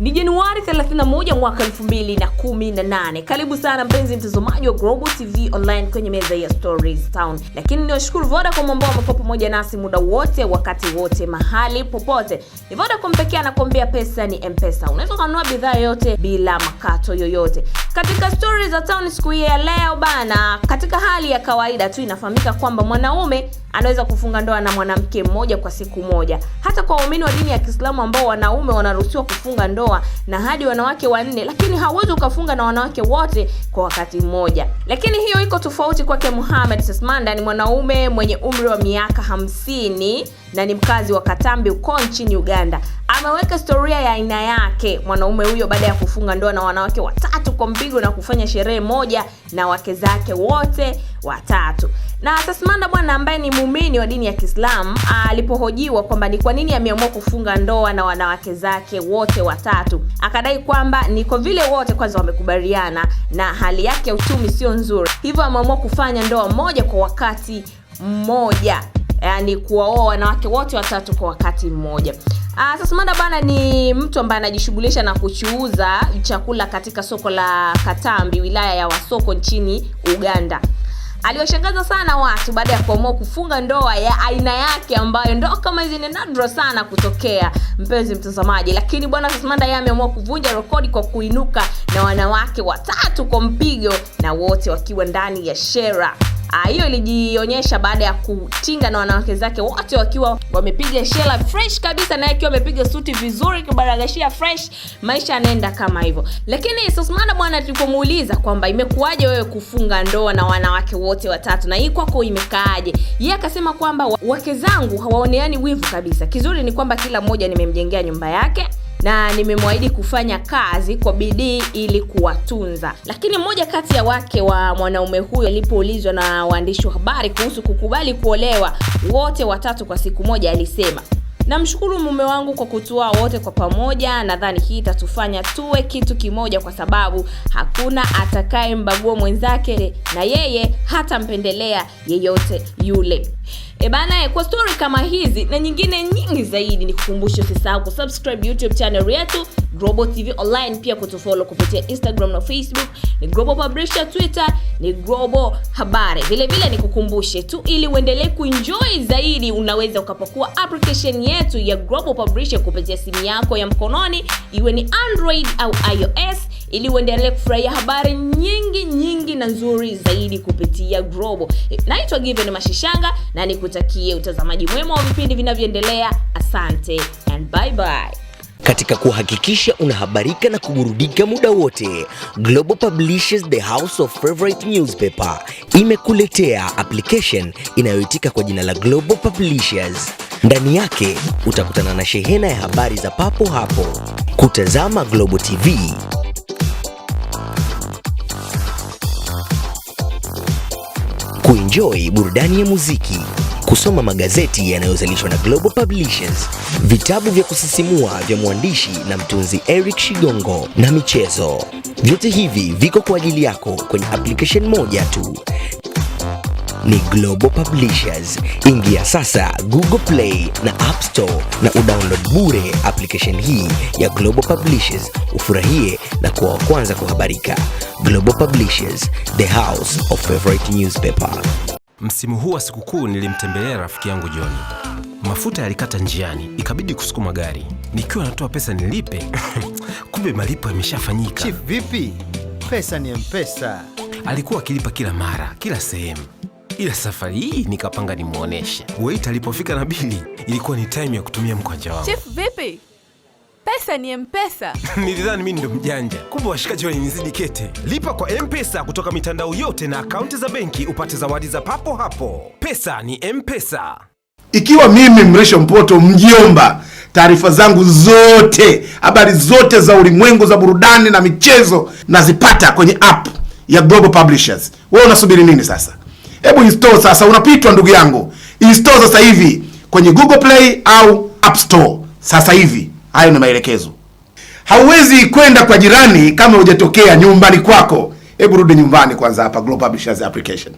Ni Januari 31 mwaka 2018. Karibu sana mpenzi mtazamaji wa Global TV Online kwenye meza ya Stories Town, lakini niwashukuru Vodacom ambao wamekuwa pamoja nasi muda wote, wakati wote, mahali popote. Ni Vodacom pekee anakuambia pesa ni M-Pesa, unaweza kununua bidhaa yoyote bila makato yoyote. Katika Stories za Town siku hii ya leo bana, katika hali ya kawaida tu inafahamika kwamba mwanaume anaweza kufunga ndoa na mwanamke mmoja kwa siku moja. Hata kwa waumini wa dini ya Kiislamu ambao wanaume wanaruhusiwa kufunga ndoa ukaoa na hadi wanawake wanne, lakini hauwezi ukafunga na wanawake wote kwa wakati mmoja. Lakini hiyo iko tofauti kwake Muhammad sasmanda ni mwanaume mwenye umri wa miaka hamsini na ni mkazi wa Katambi uko nchini Uganda. Ameweka historia ya aina yake mwanaume huyo baada ya kufunga ndoa na wanawake watatu kwa mpigo na kufanya sherehe moja na wake zake wote watatu. Na Tasmanda bwana, ambaye ni muumini wa dini ya Kiislamu, alipohojiwa kwamba ni kwa nini ameamua kufunga ndoa na wanawake zake wote watatu, akadai kwamba ni kwa vile wote kwanza wamekubaliana na hali yake ya uchumi sio nzuri, hivyo ameamua kufanya ndoa moja kwa wakati mmoja yani eh, kuwaoa wanawake wote watatu kwa wakati mmoja. Uh, sasa mada bana ni mtu ambaye anajishughulisha na kuchuuza chakula katika soko la Katambi wilaya ya Wasoko nchini Uganda. Aliwashangaza sana watu baada ya kuamua kufunga ndoa ya aina yake ambayo ndoa kama hizi ni nadra sana kutokea, mpenzi mtazamaji. Lakini bwana Sasmanda yeye ameamua kuvunja rekodi kwa kuinuka na wanawake watatu kwa mpigo na wote wakiwa ndani ya shera Ah, hiyo ilijionyesha baada ya kutinga na wanawake zake wote wakiwa wamepiga shela fresh kabisa, naye akiwa amepiga suti vizuri, kibaragashia fresh. Maisha yanaenda kama hivyo, lakini Susmana bwana, tulipomuuliza kwamba imekuwaje wewe kufunga ndoa na wanawake wote watatu na hii kwako imekaaje, yeye akasema kwamba wake zangu hawaoneani wivu kabisa. Kizuri ni kwamba kila mmoja nimemjengea nyumba yake na nimemwahidi kufanya kazi kwa bidii ili kuwatunza. Lakini mmoja kati ya wake wa mwanaume huyo alipoulizwa na waandishi wa habari kuhusu kukubali kuolewa wote watatu kwa siku moja, alisema Namshukuru mume wangu kwa kutua wote kwa pamoja. Nadhani hii itatufanya tuwe kitu kimoja, kwa sababu hakuna atakayembagua mwenzake, na yeye hatampendelea yeyote yule. E bana, kwa story kama hizi na nyingine nyingi zaidi, ni kukumbusha usisahau kusubscribe YouTube channel yetu Global TV Online, pia kutufollow kupitia Instagram na Facebook ni Global Publisher, Twitter ni Global Habari. Vile vile ni nikukumbushe tu, ili uendelee kuenjoy zaidi, unaweza ukapakua application yetu ya Global Publisher kupitia simu yako ya mkononi, iwe ni Android au iOS, ili uendelee kufurahia habari nyingi nyingi na nzuri zaidi kupitia Global. Naitwa Given Mashishanga na na nikutakie utazamaji mwema wa vipindi vinavyoendelea. Asante and bye bye. Katika kuhakikisha unahabarika na kuburudika muda wote, Global Publishers the house of favorite newspaper imekuletea application inayoitika kwa jina la Global Publishers. Ndani yake utakutana na shehena ya habari za papo hapo, kutazama Global TV kuenjoy burudani ya muziki, kusoma magazeti yanayozalishwa na Global Publishers, vitabu vya kusisimua vya mwandishi na mtunzi Eric Shigongo na michezo. Vyote hivi viko kwa ajili yako kwenye application moja tu ni Global Publishers. Ingia sasa Google Play na App Store na udownload bure application hii ya Global Publishers, ufurahie na kuwa wa kwanza kuhabarika. Global Publishers, the house of favorite newspaper. Msimu huu wa sikukuu nilimtembelea rafiki yangu John. Mafuta yalikata njiani, ikabidi kusukuma gari. Nikiwa natoa pesa nilipe, kumbe malipo yameshafanyika. Chief, vipi? Pesa ni mpesa. Alikuwa akilipa kila mara, kila sehemu ila safari hii nikapanga nimwoneshe. Wait alipofika na bili, ilikuwa ni taimu ya kutumia mkwanja wangu. Chief, vipi? Pesa ni Mpesa. Nilidhani mimi ndo mjanja, kumbe washikaji walinizidi kete. Lipa kwa Mpesa kutoka mitandao yote na akaunti za benki upate zawadi za papo hapo. Pesa ni Mpesa. Ikiwa mimi Mrisho Mpoto mjiomba, taarifa zangu zote, habari zote za ulimwengu, za burudani na michezo nazipata kwenye app ya Global Publishers. Wewe unasubiri nini sasa? Hebu install sasa, unapitwa ndugu yangu, install sasa hivi kwenye Google Play au App Store sasa hivi. Hayo ni maelekezo. Hauwezi kwenda kwa jirani kama hujatokea nyumbani kwako. Hebu rudi nyumbani kwanza, hapa Global Publishers application.